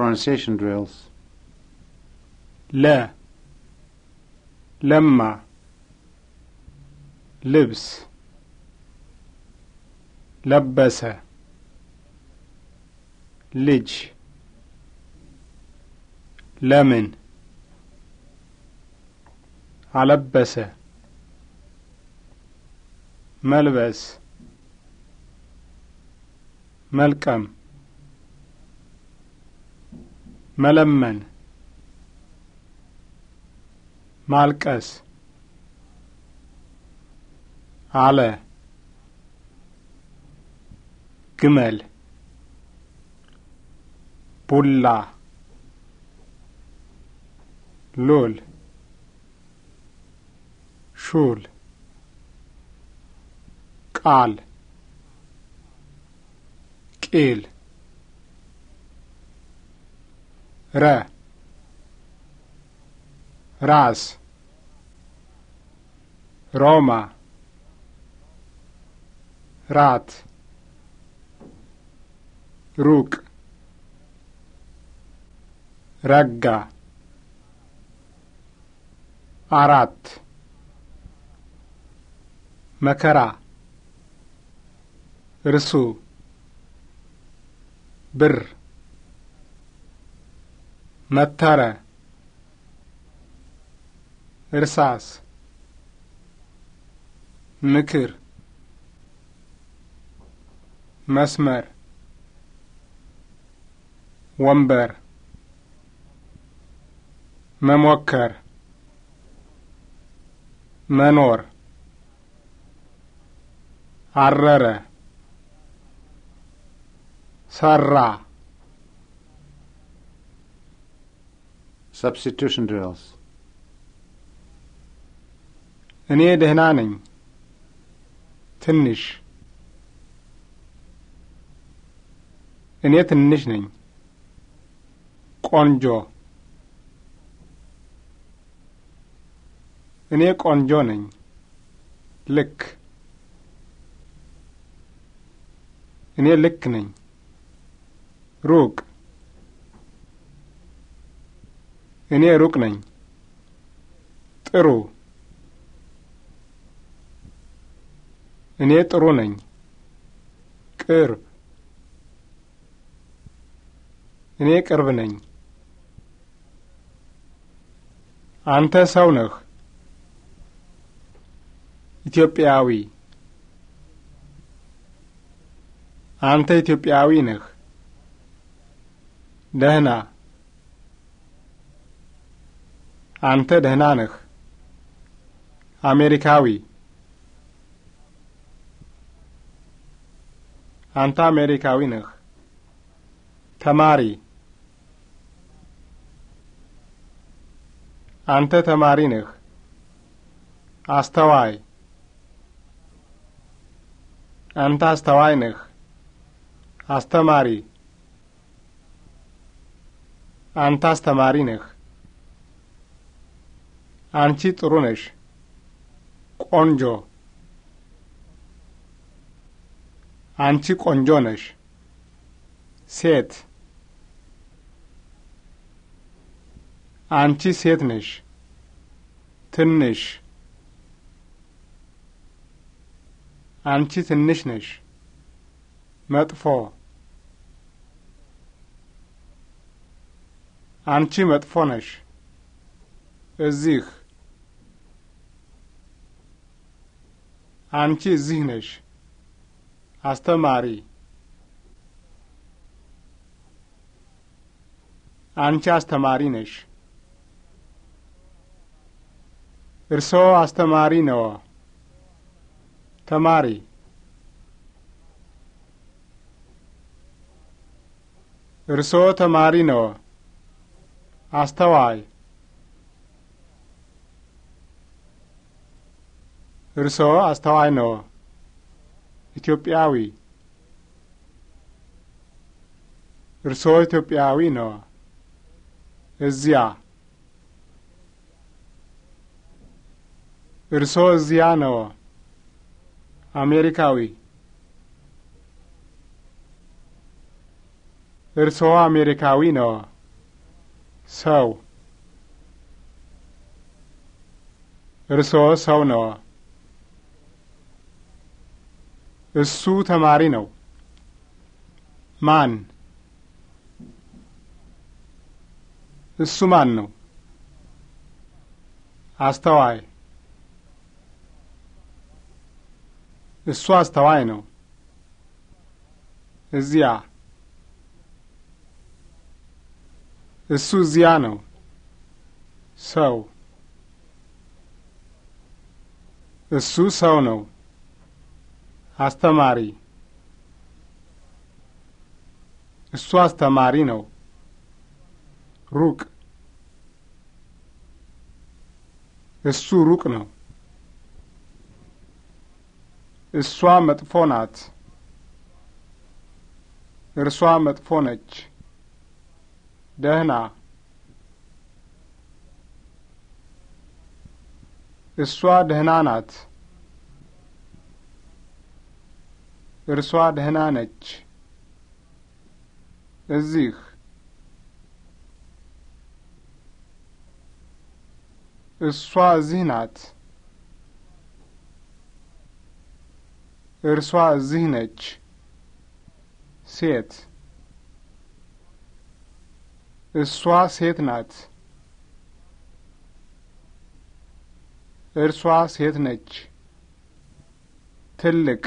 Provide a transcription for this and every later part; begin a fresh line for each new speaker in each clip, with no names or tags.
pronunciation drills لا لما لبس لبس لج لمن علبس ملبس ملكم መለመን ማልቀስ አለ ግመል ቡላ ሎል ሹል ቃል ቂል ረ ራስ ሮማ ራት ሩቅ ረጋ አራት መከራ እርሱ ብር መተረ እርሳስ ምክር መስመር ወንበር መሞከር መኖር አረረ ሰራ substitution drills እኔ ደህና ነኝ ትንሽ እኔ ትንሽ ነኝ ቆንጆ እኔ ቆንጆ ነኝ ልክ እኔ ልክ ነኝ ሩቅ እኔ ሩቅ ነኝ። ጥሩ እኔ ጥሩ ነኝ። ቅርብ እኔ ቅርብ ነኝ። አንተ ሰው ነህ። ኢትዮጵያዊ አንተ ኢትዮጵያዊ ነህ። ደህና አንተ ደህና ነህ። አሜሪካዊ አንተ አሜሪካዊ ነህ። ተማሪ አንተ ተማሪ ነህ። አስተዋይ አንተ አስተዋይ ነህ። አስተማሪ አንተ አስተማሪ ነህ። አንቺ ጥሩ ነሽ። ቆንጆ አንቺ ቆንጆ ነሽ። ሴት አንቺ ሴት ነሽ። ትንሽ አንቺ ትንሽ ነሽ። መጥፎ አንቺ መጥፎ ነሽ። እዚህ አንቺ እዚህ ነሽ። አስተማሪ አንቺ አስተማሪ ነሽ። እርስዎ አስተማሪ ነዋ። ተማሪ እርስዎ ተማሪ ነዋ። አስተዋይ እርሶ አስተዋይ ነው። ኢትዮጵያዊ እርሶ ኢትዮጵያዊ ነው። እዚያ እርሶ እዚያ ነው። አሜሪካዊ እርሶ አሜሪካዊ ነው። ሰው እርሶ ሰው ነው። እሱ ተማሪ ነው። ማን? እሱ ማን ነው? አስተዋይ። እሱ አስተዋይ ነው። እዚያ እሱ እዚያ ነው። ሰው እሱ ሰው ነው። አስተማሪ እሱ አስተማሪ ነው። ሩቅ እሱ ሩቅ ነው። እሷ መጥፎ ናት። እርሷ መጥፎ ነች። ደህና እሷ ደህና ናት። እርሷ ደህና ነች። እዚህ እሷ እዚህ ናት። እርሷ እዚህ ነች። ሴት እሷ ሴት ናት። እርሷ ሴት ነች። ትልቅ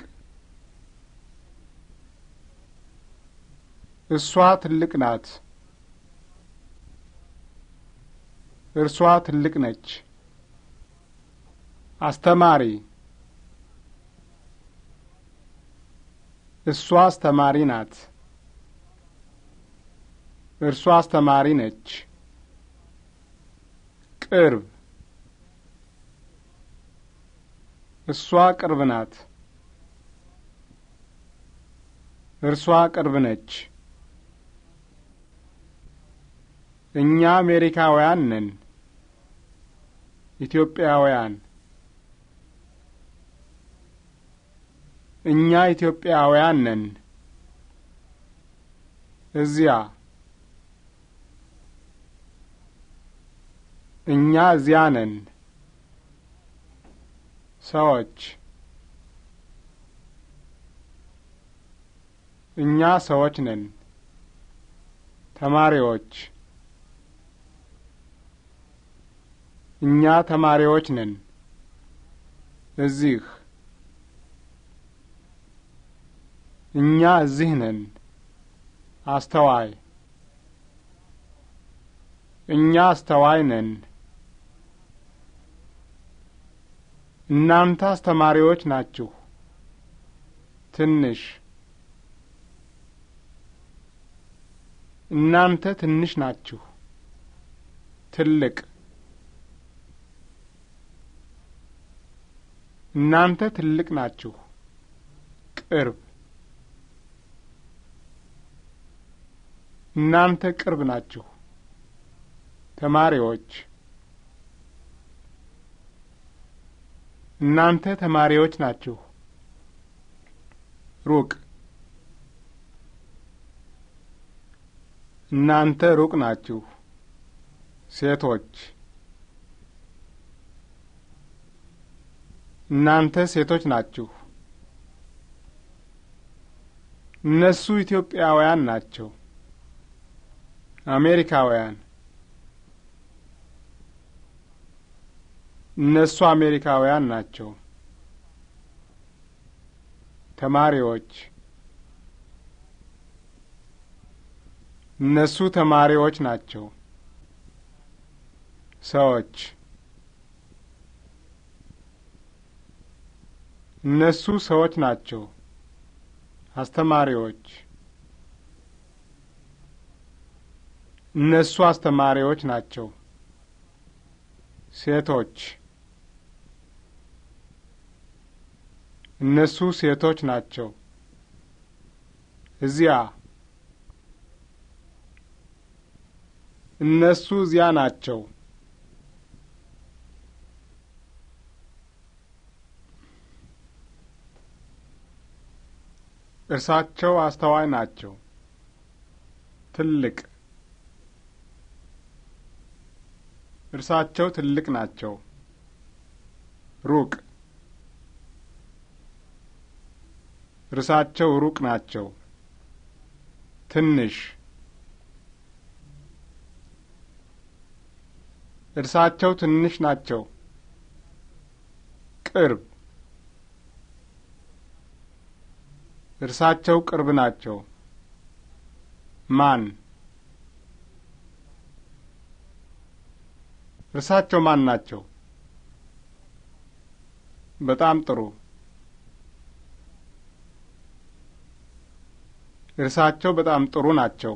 እሷ ትልቅ ናት። እርሷ ትልቅ ነች። አስተማሪ እሷ አስተማሪ ናት። እርሷ አስተማሪ ነች። ቅርብ እሷ ቅርብ ናት። እርሷ ቅርብ ነች። እኛ አሜሪካውያን ነን። ኢትዮጵያውያን እኛ ኢትዮጵያውያን ነን። እዚያ እኛ እዚያ ነን። ሰዎች እኛ ሰዎች ነን። ተማሪዎች እኛ ተማሪዎች ነን። እዚህ እኛ እዚህ ነን። አስተዋይ እኛ አስተዋይ ነን። እናንተ አስተማሪዎች ናችሁ። ትንሽ እናንተ ትንሽ ናችሁ። ትልቅ እናንተ ትልቅ ናችሁ። ቅርብ እናንተ ቅርብ ናችሁ። ተማሪዎች እናንተ ተማሪዎች ናችሁ። ሩቅ እናንተ ሩቅ ናችሁ። ሴቶች እናንተ ሴቶች ናችሁ። እነሱ ኢትዮጵያውያን ናቸው። አሜሪካውያን እነሱ አሜሪካውያን ናቸው። ተማሪዎች እነሱ ተማሪዎች ናቸው። ሰዎች እነሱ ሰዎች ናቸው። አስተማሪዎች እነሱ አስተማሪዎች ናቸው። ሴቶች እነሱ ሴቶች ናቸው። እዚያ እነሱ እዚያ ናቸው። እርሳቸው አስተዋይ ናቸው። ትልቅ እርሳቸው ትልቅ ናቸው። ሩቅ እርሳቸው ሩቅ ናቸው። ትንሽ እርሳቸው ትንሽ ናቸው። ቅርብ እርሳቸው ቅርብ ናቸው። ማን እርሳቸው ማን ናቸው? በጣም ጥሩ። እርሳቸው በጣም ጥሩ ናቸው።